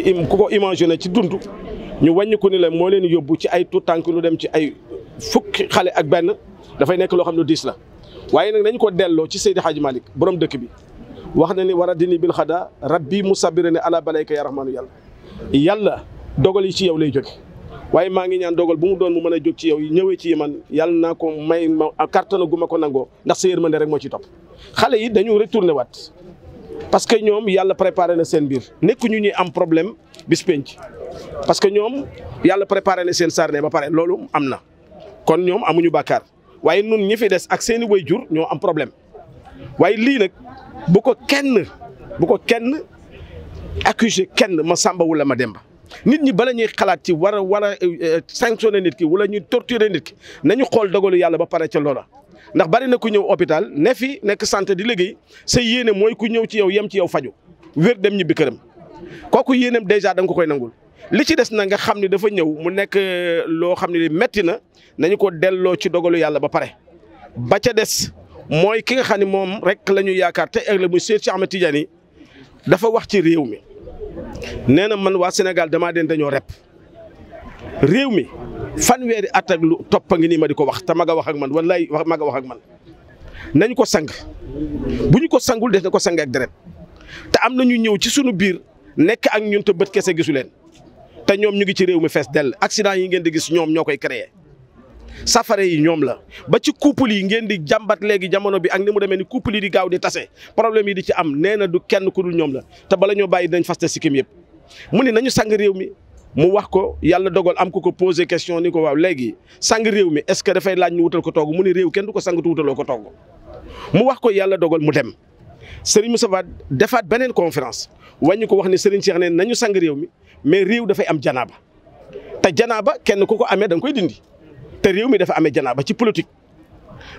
im ku ko imaginer ci dund ñu wàññi ko ni la moo leen yóbbu ci ay tout tànk lu dem ci ay fukki xale ak benn dafay nekk loo xam ne diis la waaye nag nañ ko delloo ci Seydi Hadji Malick borom dëkk bi wax na ni war a dini bil xada rabbi musabira ne ala balayka ya rahmaanu yàlla yàlla dogol yi ci yow lay jóge waaye maa ngi ñaan dogal bu mu doon mu mën a jóg ci yow ñëwee ci man yàlla naa ko may ma kàttana gu ma ko nangoo ndax sa yërmande rek moo ci topp xale yi dañu retourné waat parce que ñoom yàlla préparer na seen biir nekk ñu ñuy am problème bis penc parce que ñoom yàlla préparé na seen sarne ba pare loolu am na kon ñoom amuñu bàkkaar waaye nun ñi fi des ak seeni i waajur ñoo am problème waaye lii nag bu ko kenn bu ko kenn accusé kenn ma sàmba wala ma demba nit ñi bala ñuy xalaat ci war a war a euh, sanctionné nit ki wala ñuy torturé nit ki na ñu xool dogalu yàlla ba pare ca loola ndax bari na ku ñëw hôpital ne fi nekk santé di liggéey sa yéene mooy ku ñëw ci yow yem ci yow faju wér dem ñibbi këram kooku yéeneem dèjà da nga ko koy nangul li ci des na nga xam ni dafa ñëw mu nekk euh, loo xam ne metti na nañu ko delloo ci dogalu yàlla ba pare ba ca des mooy ki nga xam ne moom rek lañuy yaakaar te ëllëg la muy Cheikh Ahmed Tidiane yi dafa wax ci réew mi nee na man waa Sénégal damaa den dañoo rep réew mi fanweeri at ak topp a nii ma di ko wax te ma nga wax ak man wallaay ma nga wax ak man nañ ko sang bu ñu ko sangul def na ko sang ak deret te am na ñu ñëw ci sunu biir nekk ak ñun te bët kese gisu leen te ñoom ñu ngi ci réew mi fees dell accident yi ngeen di gis ñoom ñoo koy créer safare yi ñoom la ba ci couple yi ngeen di jàmbat léegi jamono bi ak ni mu demee ni couple yi di gaaw di tase problème yi di ci am nee na du kenn ku dul ñoom la te bala ñoo bàyyi dañ faste sikkim yëpp mu ni nañu sang réew mi mu wax ko yàlla dogal am ko ko posé question ni ko waaw léegi sang réew mi est-ce que dafay laaj ñu wutal ko togg mu ni réew kenn du ko sang tu wutaloo ko togg mu wax ko yàlla dogal mu dem Serigne mu Wade defaat beneen conférence wàññi ko wax ne Serigne Cheikh neen nañu sang réew mi mais réew dafay am janaaba te janaaba kenn ku ko amee da nga koy dindi te réew mi dafa amee janaaba ci politique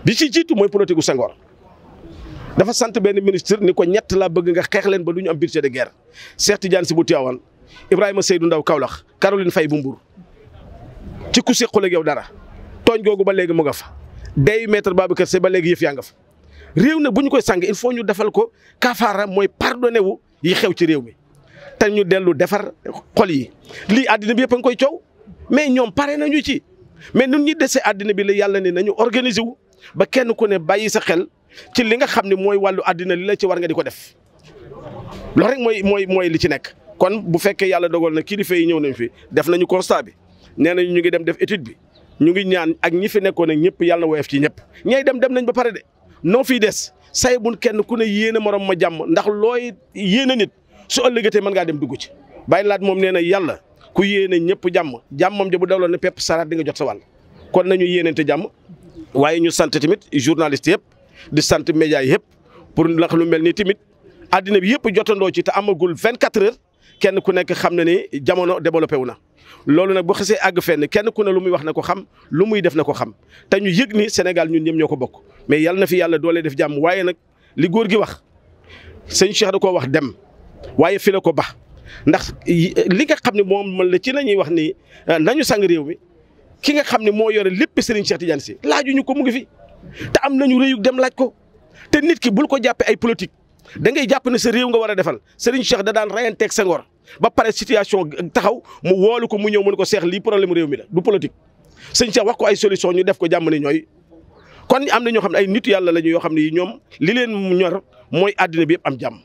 bi ci jiitu mooy politique gu Senghor dafa sant benn ministre ni ko ñett laa bëgg nga xeex leen ba du ñu am budget de guerre Cheikh Tidiane Sy bu Tivaouane Ibrahima Seydou Ndaw Kaolack Caroline fay bu Mbour ci ku séqul ak yow dara tooñ googu ba léegi mu nga fa day baabu Babacar Seye ba léegi yëf yaa nga fa réew na bu ñu koy sàng il faut ñu defal ko kafaara mooy pardonné wu yi xew ci réew mi te ñu dellu defar xol yi lii àddina bi yëpp koy coow mais ñoom pare nañu ci mais nun ñi dese àddina bi la yàlla ne nañu organiser wu ba kenn ku ne bàyyi sa xel ci li nga xam ne mooy wàllu àddina li la ci war nga di ko def loolu rek mooy mooy li ci nekk kon bu fekkee yàlla dogal na kilifa yi ñëw nañ fi def nañu constat bi nee nañ ñu ngi dem def étude bi ñu ngi ñaan ak ñi fi nekkoon ak ñëpp yàlla na woyof ci ñëpp ñay dem dem nañ ba pare noo fiy des say buñ kenn ku ne yéene morom ma jàmm ndax looy yéene nit su ëllëgatee mën ngaa dem dugg ci bay laat moom nee na yàlla ku yéene ñëpp jàmm jàmmam ja bu dawloon ne pepp saraat di nga jot sa wàll kon nañu te jàmm waaye ñu sant tamit journaliste yëpp di sant média yëpp pour ndax lu mel ni tamit addina bi yëpp jotandoo ci te amagul 24 heures kenn ku nekk xam na ni jamono développé wu na loolu nag bu xasee àgg fenn kenn ku ne lu muy wax na ko xam lu muy def na ko xam te ñu yëg ni Sénégal ñun ñëpp ñoo ko bokk mais yàlla na fi yàlla doole def jàmm waaye nag li góor gi wax sëñ Cheikh da koo wax dem waaye fi la ko ba ndax li nga xam ne moom la ci la ñuy wax ni euh, nañu sang réew mi ki nga xam ne moo yore lépp Serigne Cheikh Tidiane Sy laajuñu ko mu ngi fi te am nañu réyug dem laaj ko te nit ki bul ko jàppee ay politique da ngay jàpp ne sa réew nga war a defal Serigne Cheikh da daan rayanteeg Senghor ba pare situation taxaw mu woolu ko mu ñëw mu ko seex lii problème réew mi la du politique. sëñ Cheikh wax ko ay solution ñu def ko jàmm ne ñooy kon am na ñoo xam ne ay nit yàlla lañu yoo xam ne ñoom li leen ñor mooy àddina bi yëpp am jàmm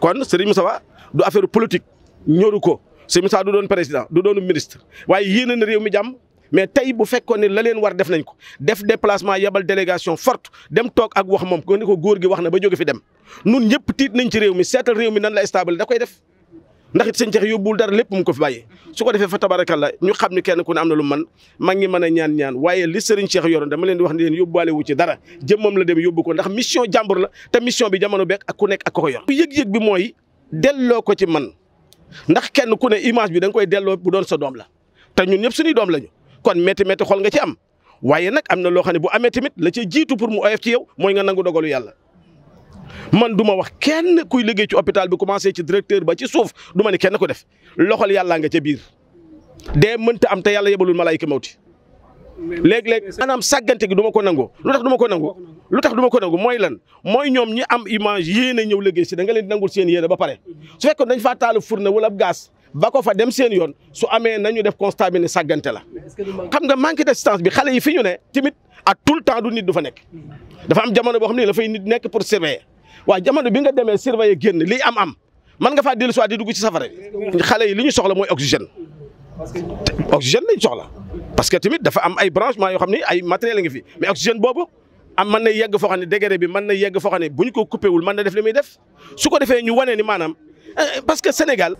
kon mu sawa du affaire politique ñoru ko Serigne Moustapha du doon président du doon ministre waaye yéene na réew mi jàmm. mais tey bu fekkoon ne la leen war def nañ ko def déplacement yabal délégation forte dem toog ak wax moom ko ni ko góor gi wax na ba jóge fi dem nun ñëpp tiit nañ ci réew mi seetal réew mi nan la stable da koy def ndax it sëñ ceex yóbbuwul dara lépp mu ko fi bàyyee su ko defee fa tabarakallah ñu xam ni kenn ku ne am na lu man maa ngi mën a ñaan ñaan waaye li sëriñ ceex yoroon dama leen di wax ni leen yóbbuwaale wu ci dara jëmmam la dem yóbbu ko ndax mission jàmbur la te mission bi jamono beek ak ku nekk ak ko ko yor yëg bi mooy delloo ko ci man ndax kenn ku ne image bi da koy delloo bu doon sa doom la te ñun ñëpp suñuy doom lañu kon métti métti xool nga ci am waaye nag am na loo xam ne bu amee tamit la ca jiitu pour mu oyof ci yow mooy nga nangu dogalu yàlla man du ma wax kenn kuy liggéey ci hôpital bi commencé ci directeur ba ci suuf du ma ne kenn ko def loxol yàllaa nga ca biir dee mënta am te yàlla yebalul malaayika mawti léeg-léeg maanaam saggante gi duma ma ko lu tax du ma ko nangu lu tax duma ko nangu mooy lan mooy ñoom ñi am image yéene ñëw liggéey si danga leen nangul seen yéene ba pare su fekkoon dañ faa taalu fourne wala gas ba ko fa dem seen yoon su amee nañu def constat bi ne sàggante la xam nga manque d'assistance bi xale yi fi ne tamit ak tout le temps du du fa nekk dafa am jamono boo xam ne dafay nit nekk pour surveiller waa jamono bi nga demee surveiller génn lii am am man nga faa dellu soit di dugg ci safara xale yi li ñu soxla mooy oxygène oxygène lañ soxla parce que tamit dafa am ay branchement yoo xam ne ay matériel ngi fi mais oxygène boobu am mën na yegg foo xam ne bi mën na yegg foo xam ne bu ñu ko coupé wul mën na def li muy def su ko defee ñu wane ni maanaam eh, parce que Sénégal